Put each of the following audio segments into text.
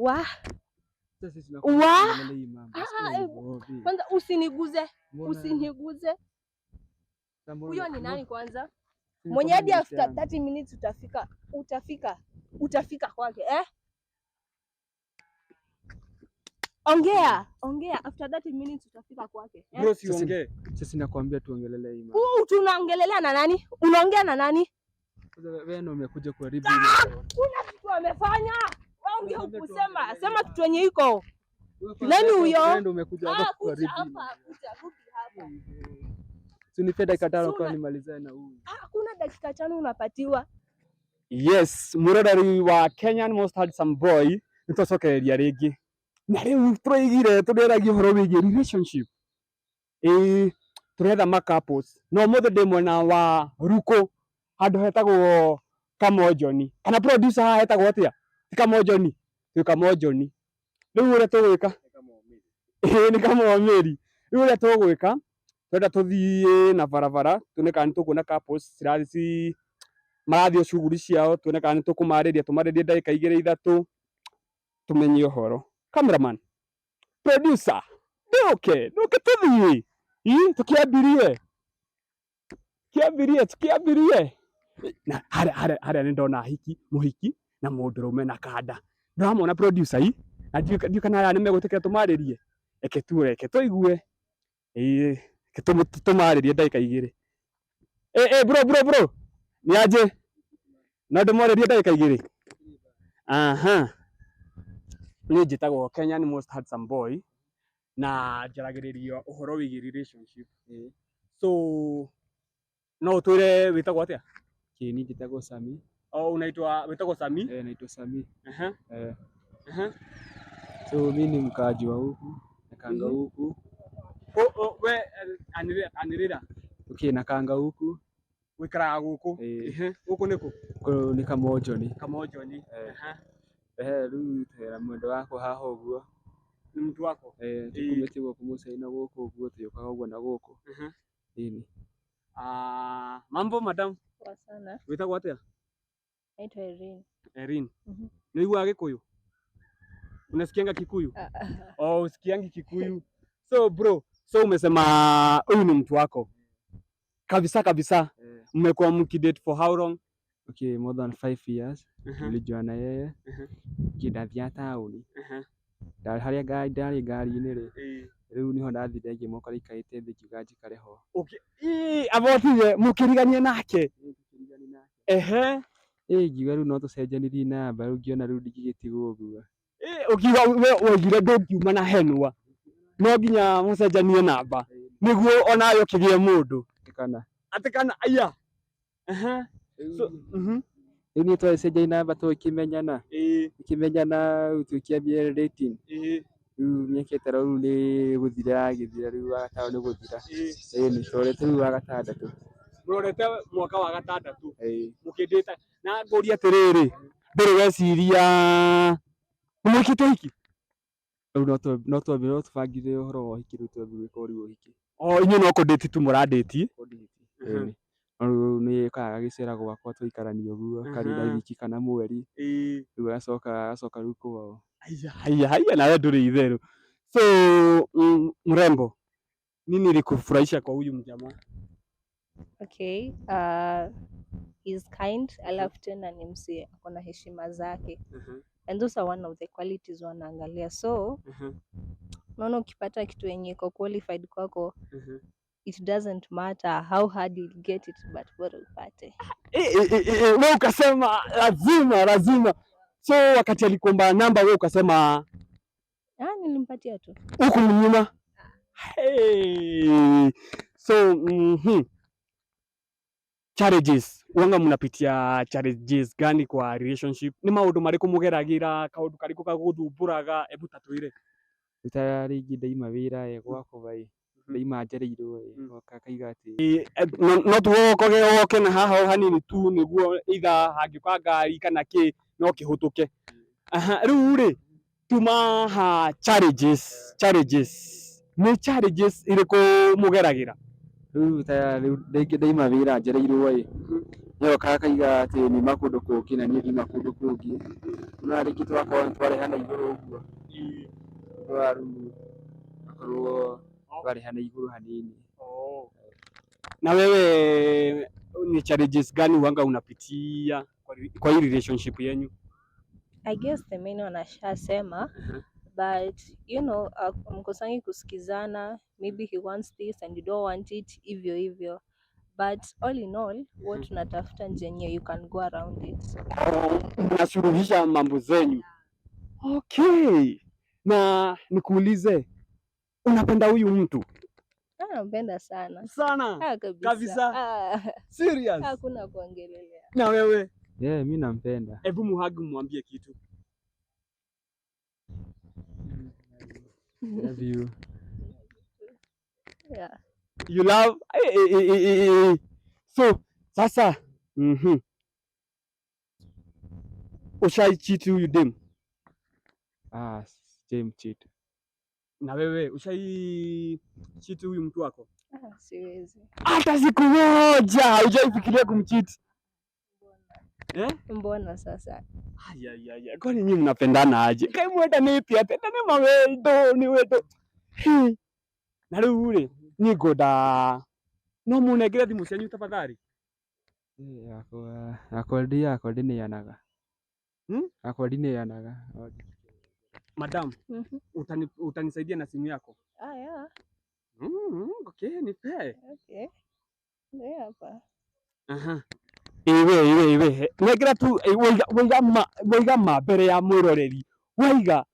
wa wa ah, eh, kwanza, usiniguze usiniguze. Huyo ni nani kwanza? Mwenye hadi after 30 minutes utafika utafika utafika kwake eh? Ongea, ongea after 30 minutes utafika kwake. Eh? Bro, si ongee. Sisi nakwambia tuongelelea hii. Huu tunaongelelea na nani? Unaongea na nani? Wewe ndio umekuja kuharibu. Ah, kuna kitu amefanya. Ingia huku, sema sema kitu yenye iko nani huyo? Ah, unipe dakika kwa nimalizae na huyu. Ah, hakuna dakika tano unapatiwa. Yes, muradari wa Kenyan most handsome boy nitocokereria ringi na riu turaigire tureragia horo wigie relationship ii turetha ma couples no muthe ndi mwena wa ruko handu hetagwo kamojoni kana producer haha hetagwo atia Ikamonjoni ikamonjoni riu uria tugwika ni kamomiri riu uria tugwika twenda tuthii na barabara tuone kana nitukuona couples cirathi marathii shughuli ciao tuone kana nitukumariria tumaririe ndagika igiri ithatu tumenye uhoro cameraman producer nduke nduke tuthii i tukiambirie kiambirie tukiambirie na haria haria nindona hiki muhiki na mundurume na kanda ndiramona producer i na ndiũ kana ya aya nimegũtĩkĩra tumaririe eke tu eke to igue e ke tũigue tumaririe tũmarĩrie ndagĩka e e bro bro bro ni aje no ndĩmwarĩrie ndagĩka igĩrĩ aha ni njĩtagwo Kenya nĩ most handsome boy na jaragiririo uhoro wi relationship so no tuire wĩtagwo atĩa kĩĩ niĩ Sami au oh, unaitwa unaitwa Sami? Eh, naitwa Sami. Aha. Eh. Aha. So mimi ni mkaaji wa huku, nakanga mhm. huku. Oh, oh, we anirira anirira. Okay, nakanga huku. Wikaraga guku. Eh. Guku niku. Ko ni kamojoni. Kamojoni. Aha. Eh, riu tera mwendo wako haha uguo. Ni mtu wako? Eh, tukumetigwo kumucaina guku uguo tuyukaga uguo na guku. Aha. Ah, mambo madam. Poa sana. Witagwo atia? Naitwa Irene. Irene. Mm Ni wa Gikuyu? Unasikianga Kikuyu? Ah, ah. Oh, usikiangi Kikuyu. So bro, so umesema huyu ni mtu wako kabisa kabisa. Eh. Mmekuwa yeah. mkidate for how long? Okay, more than 5 years. Nilijuana uh-huh. uh -huh. yeye uh -huh. kidathia tauni uh -huh. ndarĩ harĩa ngari ndarĩ ngari-inĩ rĩ eh. rĩu niho ndathire ngĩmoka rĩikaĩte thĩ kiuga njikare ho. Okay. Ii, abotire mũkĩriganie nake? Eh, mũkĩriganie nake. Ehe ingiuga riu no tucenjanirie namba riu ngiona riu ndingĩgĩtigwo guo ukiuga we woigire ndũngiuma na henwa no nginya mũcenjanie namba nĩguo onawe ũkĩgĩe mũndũ kana atĩ kana aya rĩu mhm. nĩ twacenjai namba tũkĩmenyana ũkĩmenyana rĩu tũkĩambia rating rĩu mĩaka ĩtano rĩu nĩ gũthira yagĩthira rĩu wagatatũ nĩ gũthira ĩĩ nĩ twarete rĩu wagatandatũ murorete mwaka wa gatandatu mukindita na nguria atiriri ndiri weciria mwikite hiki riu no twambi no tubangire uhoro wa hiki riu twambi gwika uriu hiki o inyu no kunditi tu muranditi riu ni kaga gicera gwakwa twaikarania uguo karina wiki kana mweri riu agacoka agacoka riu kwao haya haya nawe nduri itheru so mm, mrembo nini likufurahisha kwa huyu mjamaa Okay, uh, he's kind, alafu tena ni msi ako na heshima zake. uh mm-hmm. -huh. And those are one of the qualities wanaangalia, so uh mm-hmm. -huh. Unaona, ukipata kitu yenye iko qualified kwako uh mm-hmm. -huh. It doesn't matter how hard you get it but bora upate. Eh, eh, eh, wewe ukasema lazima lazima. So wakati alikuomba namba wewe ukasema ah, nilimpatia tu huku nyuma Hey. So mm -hmm challenges wanga munapitia challenges gani kwa relationship ni maundu mariku mugeragira kaundu kariku kaguthumburaga ebu tatwire utaringi ndaima wira e gwako mm-hmm. bai mm-hmm. ndaima njereirwo mm-hmm. goka kaiga ati e, no tuwokoge woke na haha o hanini tu niguo itha hangiuka ngari kana ki no kihutuke riu ri tuma ha challenges challenges ni challenges iriku mugeragira riu ta ringi ndaima wira njereirwo i nyokaga kaiga kå nima kundu kungi na nie ndå kå ngä na ringi twakorwo nitwarehana iguru uguo riu akorwo twarehana rå hanini na wewe ni challenges gani wanga unapitia kwa hii relationship yenyu I guess the main one ashasema uh -huh but you know uh, mkosangi kusikizana maybe he wants this and you don't want it hivyo hivyo but all in all huwa mhm. tunatafuta njia yenye you can go around it mnasuruhisha oh, mambo zenyu yeah. okay na nikuulize unapenda huyu mtu ah, nampenda sana sana ah, kabisa, ah. Serious hakuna kuongelelea na wewe yeah, mi nampenda hebu muhagi mwambie kitu Love you. Yeah. You love eh, eh, eh, so sasa, mm mhm, ushai cheat huyu dem? Ah, same cheat. Na wewe ushai cheat huyu mtu wako? Ah, siwezi. Hata siku moja hujaifikiria kumcheat? Eh? Mbona sasa? Haya ya ya. Kwani nyinyi mnapendana aje? Kai mwenda nipi ate? Tene mawendo ni wendo. Hmm. Na rĩu rĩ, niĩ ngwenda no mũnengere thimũ cianyu tafadhali. Yakwa eh, yakwa eh, ndi yakwa ndineanaga. Hmm? Yakwa ndineanaga. Madam, mm -hmm. Utani, utanisaidia na simu yako? Ah, yeah. Mm, hmm, okay, nipe. Okay. Ndio hapa. Aha iwe iwe iwe nekira tu eh, waiga ma mbere ya mwiroreri waiga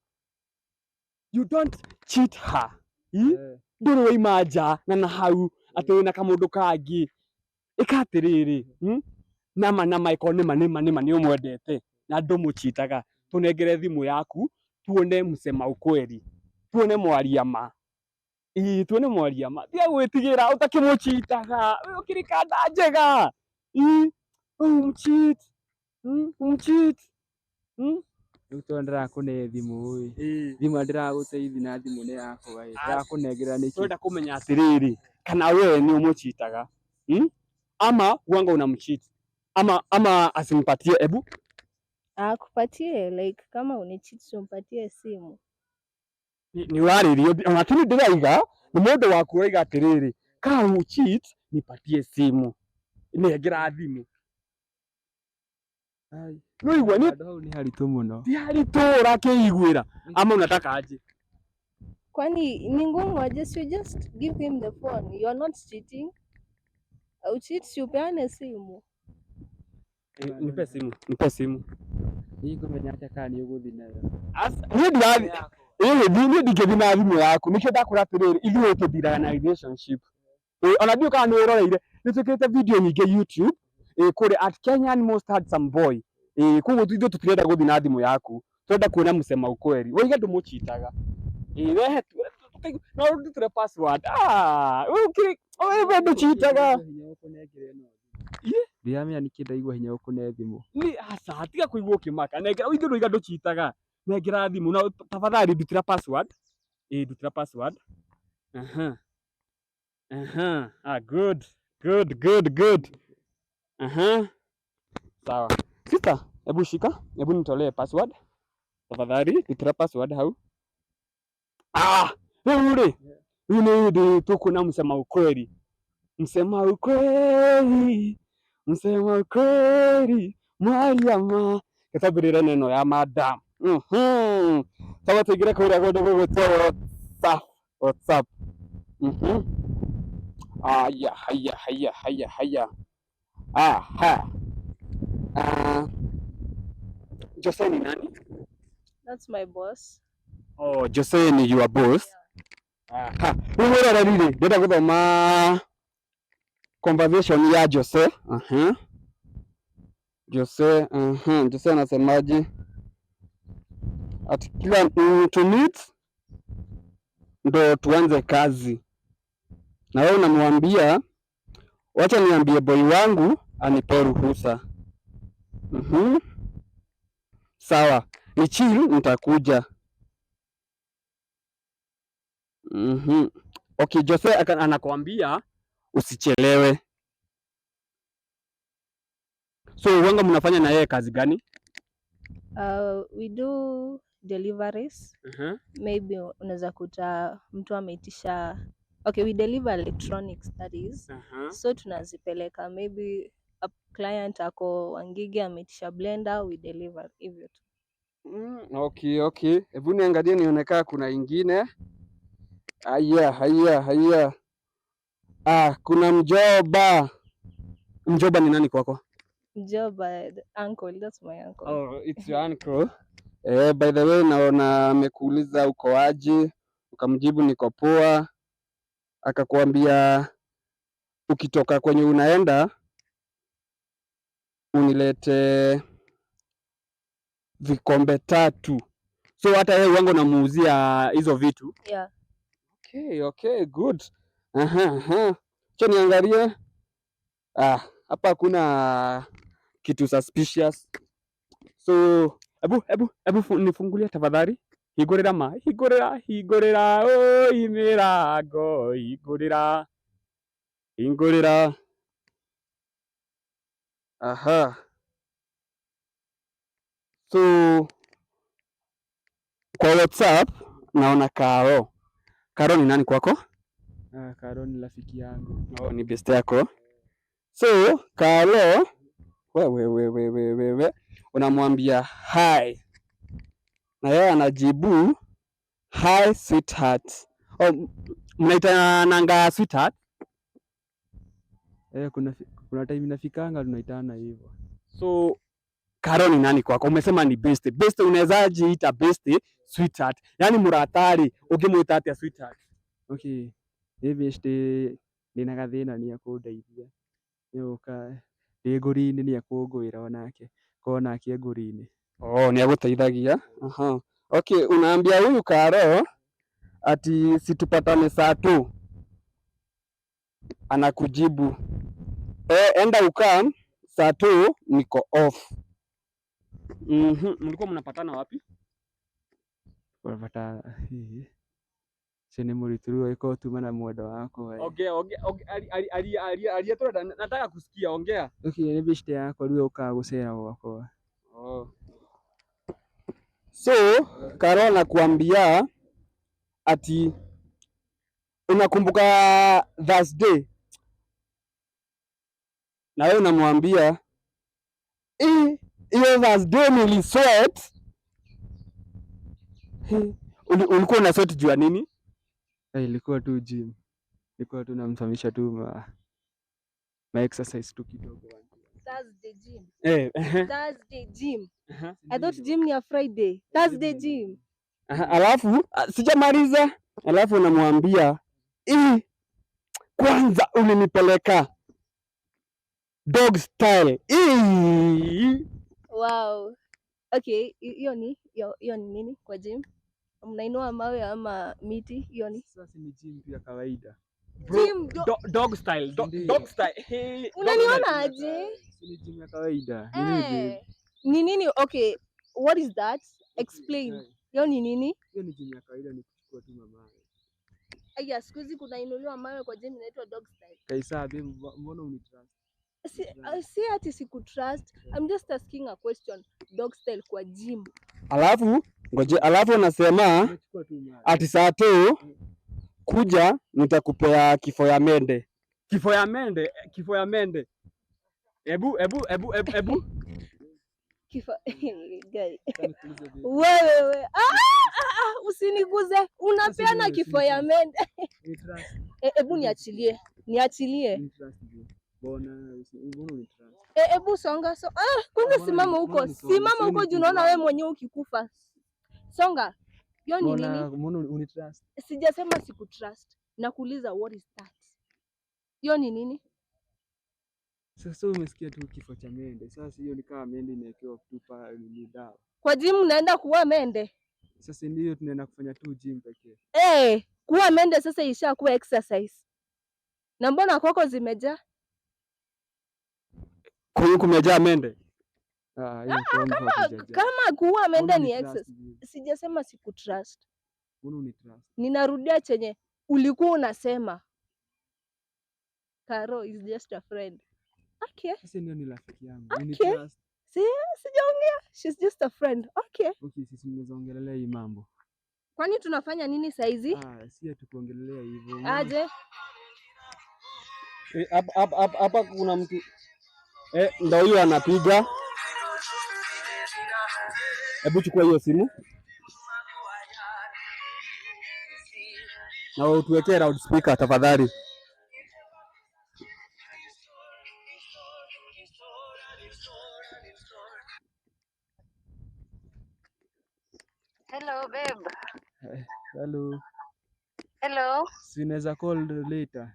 you don't cheat her eh. nduri waima nja na na hau ati wina kamundu kangi ika atiriri hm, nama nama iko nima nima nima ni umwendete na ndumuchitaga tunengere thimu yaku tuone msema ukweli tuone mwaria ma ii tuone mwaria ma tiga gwitigira utakimuchitaga ukirikanda njega ii umchit umchit rä u tondå ndärakåne thimå ä thimå ndäragå teithi na thimå nä yakwa ä ndärakånengera nä kä kå menya atä rä rä kana we nä å må citaga ama wanga una mchiti ama ama asimpatie ebu akupatie like kama unichiti simpatie simu ni waririo ona tini ndiraiga ni mundu waku uraiga atiriri ka ucheat nipatie simu nengera thimu nä igua ni haritå må muno ti haritå å rakäiguä ra ama unataka aje kwani ni ngumu aje so just give him the phone you are not cheating au cheat si upeane simu nipe simu nipe simu ikåmenya atä kana nä å gå thiä nayo niä ndirathi ä ndingäthi ni thimå yaku nä kä ndakwä ra atä rä rä ithuä tå thiraga na ona ndiå kana ni wä roreire nä twä kä rä te video nyingä youtube kuri at Kenyan most handsome boy eh, koguo ithuĩ tũtirenda gũthiĩ na thimũ yaku tũrenda kuona mũsema ukweli waiga ndå må citaga no å ndutire password ah, ndå citaga ndiramenya nä kä ndaigua hinya å kå ne thimå nä aca tiga kå igua å kä maka nengera ithuĩ ndå iga ndå citaga nengera na tafadhali ndutira password ä eh, ndutira password aha aha ah good good good good Aha. Sawa. Sister, hebu shika, hebu nitolee password. Tafadhali, kitra password hau. Ah, Yeah. Yule ndio tu kuna msema ukweli. Msema ukweli. Msema ukweli. Mariama. Katabirira neno ya madam. Mhm. Sawa tigira kura kwa dogo WhatsApp. WhatsApp. Mhm. Ah, ya, haya, haya, haya, haya. Aha. Uh, Jose ni nani? That's my boss. Oh, Jose ni your boss. Yeah. Aha. Wera rarire ndenda guthoma conversation ya Jose. Aha. Jose, aha, Jose anasemaje? At kila mtu meet ndo tuanze kazi. Na wewe unamwambia wacha niambie boy wangu anipe ruhusa. mm -hmm. Sawa, ni chini nitakuja. mm Uhum. Okay, Jose anakuambia usichelewe. So wanga mnafanya na yeye kazi gani? Uh, we do deliveries. Uh mhm. -huh. Maybe unaweza kuta mtu ameitisha Okay, we deliver electronics that is. Uh mhm. -huh. So tunazipeleka maybe client ako Wangige ametisha blender, we deliver hivyo tu. Mm, okay, okay. Hebu niangalie nionekana kuna ingine. Haya, haya, haya. Ah, kuna mjoba. Mjoba ni nani kwako? Mjoba, uncle, that's my uncle. Oh, it's your uncle. Eh, by the way naona amekuuliza uko aje, ukamjibu niko poa, akakuambia ukitoka kwenye unaenda unilete vikombe tatu. So hata yeye wangu namuuzia hizo vitu yeah. Okay, okay, good. Aha, aha. Cho niangalie ah, hapa hakuna kitu suspicious. So ebu ebu ebu nifungulia tafadhali higurira ma higurira higurira o oh, imirago higurira, ingorera Aha. So kwa WhatsApp naona Karo. Karo ni nani kwako? Ah, Karo ni rafiki yangu. Oh, ni best yako. So Karo wewe wewe wewe we, unamwambia hi. Na yeye anajibu hi sweetheart. Oh, mnaita nanga sweetheart? Eh, kuna kuna time inafikanga tunaitana hivyo. So Karo ni nani kwako? Umesema ni best. Best unawezaje ita best sweetheart? Yani muratari ukimuita atia sweetheart? Okay. Ni best nina gathina ni akundeithia. Yoka ni nguri-inĩ ni akũngũĩra onake kona akie nguri-inĩ. Oh, ni agutaithagia. Aha. Okay, unaambia huyu Karo ati situpatane saa tu, anakujibu E, enda ukaa saa tu niko off. Mhm, mlikuwa mnapatana wapi? Unapata hii. Sene muri mulitulio iko tu mana mwendo wako. Eh. Okay, ongea, ongea, Ali ali ali ali nataka kusikia ongea. Okay, ni bishte yako leo ukaa gusera wako. Oh. So, Karo nakuambia ati unakumbuka Thursday na wewe unamwambia hiyo Thursday nili sweat. Ulikuwa una sort juu ya nini? Eh, ilikuwa tu gym, ilikuwa tu namsamisha tu ma, ma exercise tu kidogo. Eh, alafu ah, sijamaliza, alafu unamwambia, kwanza ulinipeleka dog style. Wow. Okay, hiyo ni hiyo ni nini kwa gym? Mnainua mawe ama miti? Hiyo ni sasa ni gym ya kawaida. Gym dog style. Dog style. Unaniona aje? Ni gym ya kawaida. Eh. Ni nini? Okay, what is that? Explain. Eh. Hiyo ni nini? Hiyo ni gym ya kawaida ni kuchukua tu mawe. Aya, siku hizi kunainuliwa mawe kwa gym inaitwa dog style. Kaisa, mbona unitrust? Uh, si ati sikutrust. I'm just asking a question. Dog style kwa gym. Alafu ngoje, alafu anasema ati saa tu kuja nitakupea kifo ya mende. Kifo ya mende, kifo ya mende. Ebu ebu ebu ebu ebu. Kifo wewe we. Ah, ah, ah, ah, usiniguze. Unapeana kifo ya mende. Eh, ebu niachilie, niachilie. Hebu e, songa ah, kumbe simama huko, simama huko juu, naona wewe mwenyewe ukikufa. Songa. Hiyo ni nini? Sijasema siku trust, nakuuliza what is that? Hiyo ni nini? Sasa umesikia tu kifo cha mende. Sasa hiyo ni kama mende imewekewa kutupa ni dawa. Kwa jimu. naenda kuwa mende. Sasa ndio tunaenda kufanya tu gym pekee. Eh, kuwa mende sasa ishakuwa exercise. Na mbona kwako zimejaa? Kwa hiyo kumejaa mende. Ah, ah, ah kama kama kuua mende ni excess. Sijasema sikutrust. Ninarudia chenye ulikuwa unasema. Karo is just a friend. Okay. Sasa ndio ni rafiki yangu. Okay. Sijaongea. She's just a friend. Okay. Okay, sisi mnaongelelea hii mambo. Kwani tunafanya nini saa hizi? Ah, si tukuongelelea hivyo. Aje. Eh, hapa hapa hapa kuna mtu Eh, ndo huyo anapiga. Hebu chukua hiyo simu na utuwekee loudspeaker tafadhali. Hello babe. Eh, hello. Hello. Sinaweza call later.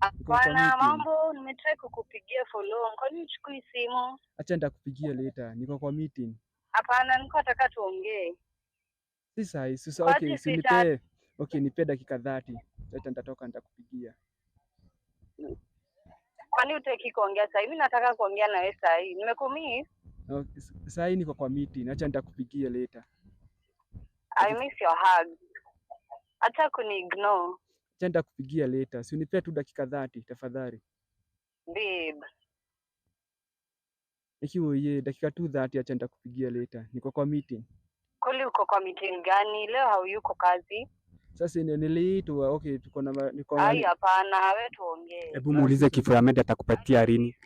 Hapana mambo, nimetrai kukupigia for long. nini uchukui simu? Acha nitakupigia later. Niko kwa meeting. Hapana, niko nataka tuongee. Si sahi, si sahi. Okay, si nipe. Okay, nipe dakika 30. Acha nitatoka nitakupigia. Kwa nini utaki kuongea sasa? Mimi nataka kuongea na wewe sasa. Nimekumiss. Okay, sasa niko kwa meeting. Acha nitakupigia later. I miss your hug. Acha kuni ignore acha kupigia leta, si unipea tu dakika dhati tafadhali. Babe. Ikiwa yeye dakika tu dhati, acha nitakupigia leta, niko kwa meeting. Kuli uko kwa meeting gani leo? Hauyuko kazi? Sasa ni niliitwa okay, tuko na niko ai, hapana, wewe tuongee. Hebu muulize kifo ya Medi atakupatia rini.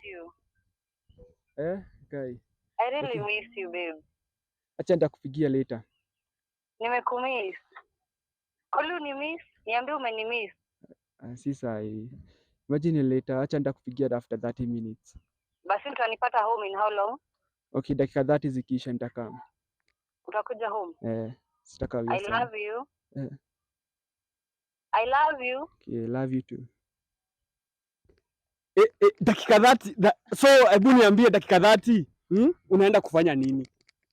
Eh, kai. I really miss you babe. Acha nitakupigia leta. Nimekumiss. Kweli ni miss Niambie umenimiss. Uh, si sahi. Imagine later, acha nitakupigia after 30 minutes. Basi utanipata home in how long? Okay, dakika 30 zikiisha nitakaa. Utakuja home? Eh, sitaka I love you. Eh. I love you. Okay, love you too. Eh, eh, dakika 30 da, so hebu niambie dakika 30. Hmm? Unaenda kufanya nini?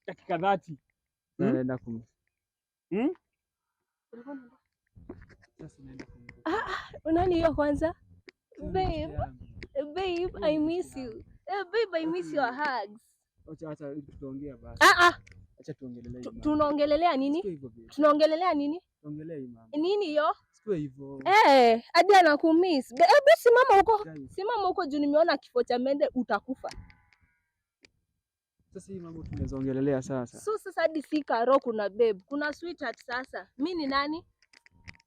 Dakika 30. Hmm? Naenda kum. Hmm? Ah, ah, unani hiyo kwanza? Babe, babe, I miss you. Eh, babe, I miss your hugs. Acha acha tutaongea basi. Ah ah. Acha tuongelelea. Tunaongelelea nini? Tunaongelelea nini? Tuongelee imani. Nini hiyo? Sio hivyo. Eh, hadi anakumiss. Babe, eh, simama huko. Simama huko juu nimeona kifo cha mende utakufa. Sasa hii mambo tunazoongelelea sasa. So sasa hadi sika roho kuna babe. Kuna sweetheart sasa. Mimi ni nani?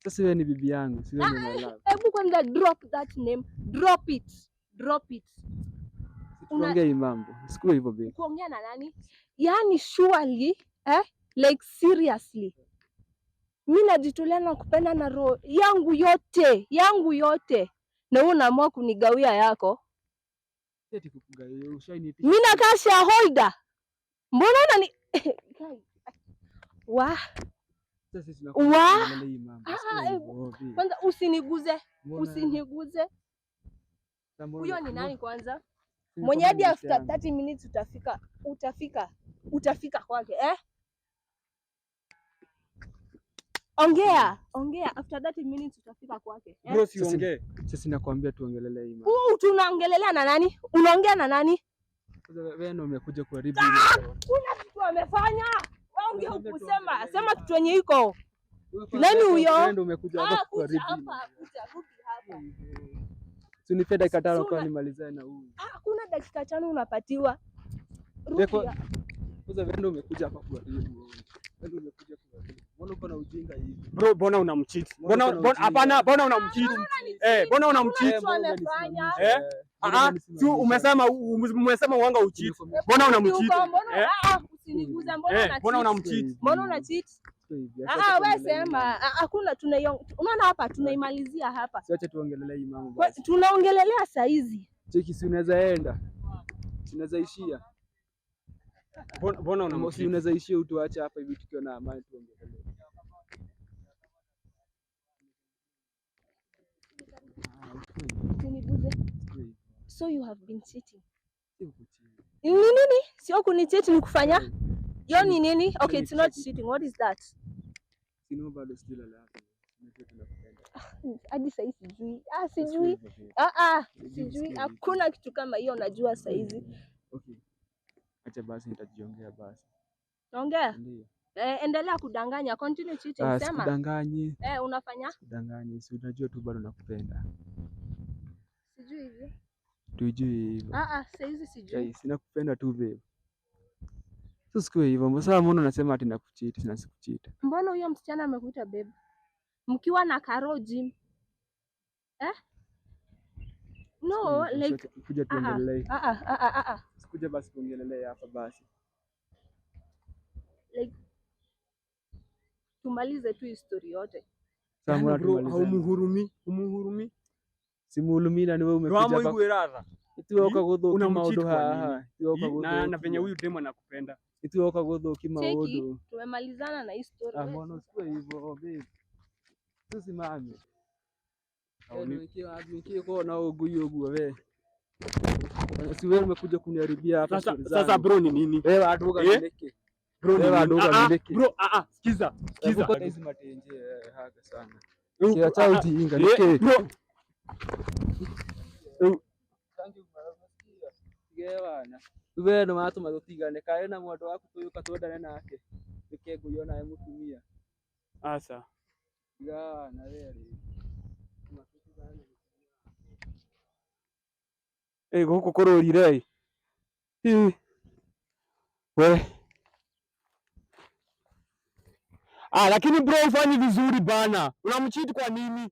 Sasa wewe ni bibi yangu, sio mimi na love. Hebu kwanza drop that name. Drop it. Drop it. Unaongea hii mambo. Sikua hivyo baby. Kuongea na nani? Yaani surely, eh? Like seriously. Mimi najitolea na kupenda na roho yangu yote, yangu yote. Na wewe unaamua kunigawia yako. kukugawia, Mimi nakaa shareholder. Mbona unani Wah. Ah, eh, kwanza usiniguze, usiniguze. Huyo ni nani kwanza? Mwenye hadi after 30 minutes utafika, utafika, utafika kwake eh? Ongea, ongea after 30 minutes utafika kwake. Eh? Bro, si ongee. Sisi nakwambia tuongelelea hii. Huu tunaongelelea na nani? Unaongea na nani? Wewe ndio umekuja kuharibu. Ah, kuna kitu amefanya. Uingie huku, sema sema kitu yenye iko nani huyo? Ah, Unipe dakika tano kwa nimalizae na huyu. Ah, kuna dakika tano unapatiwa. Bro, bona unamchiti. Bona hapana, bona unamchiti. Ah, eh, bona unamchiti. Eh? Ah, tu umesema umesema uanga uchiti. Bona unamchiti. Eh? usiniguza, eh, mbona una mchiti? Mbona una chiti? Aha, wewe sema hakuna, unaona hapa tunaimalizia hapa, siache tuongelelee hii mambo tunaongelelea saa hizi. Cheki, si unaweza enda, unaweza ishia, mbona una si unaweza ishia, utuache hapa hivi tukiwa na amani, tuongelelee. So you have been cheating. Ni nini? Sio kunicheti ni kufanya. Yo ni nini? Okay, it's not cheating. What is that? Sino bado sijui la lake. Hadi sasa sijui. Ah, sijui. Ah ah, sijui. Hakuna kitu kama hiyo najua saizi. Okay. Acha basi nitajiongea basi. Ongea? Ndio. Eh, endelea kudanganya. Continue cheating, ah, sema. Udanganyi. Eh, unafanya? Udanganyi. Si unajua tu bado nakupenda. Sijui hivi tujui hivyo. Ah, ah, sijui. Eh, sina kupenda tu babe. Sasa sikuwe hivyo mbona mbona unasema ati nakuchiti sina sikuchiti? Mbona huyo msichana amekuita babe? Mkiwa na karoji eh? No, like kuja ah, ah, tuongelee. Ah, ah ah ah ah. Sikuja basi kuongelelea hapa basi. Like tumalize tu history yote. Sasa tumalize. haumuhurumi? Umuhurumi? simulumina wewe umekuja ituoka hmm? guthuki maundu haha na na venye huyu demo anakupenda ituoka guthuki maundu tumemalizana na hii story ah mbona usiwe hivyo babe tusimame na eh, si wewe umekuja kuniharibia hapa sasa bro ni nini eh, wewe eh? bro ah, ah, bro ah ah sikiza sikiza kwa hizo haka sana we nä watå ma tå tigane kaä na mwandå waku tå yå ka twendane nake nä ke ngå iyo nawe må tumia aca tigana werä ä gå kå kå rå rire we ah, lakini bro ufanyi vizuri bana, unamchiti kwa nini?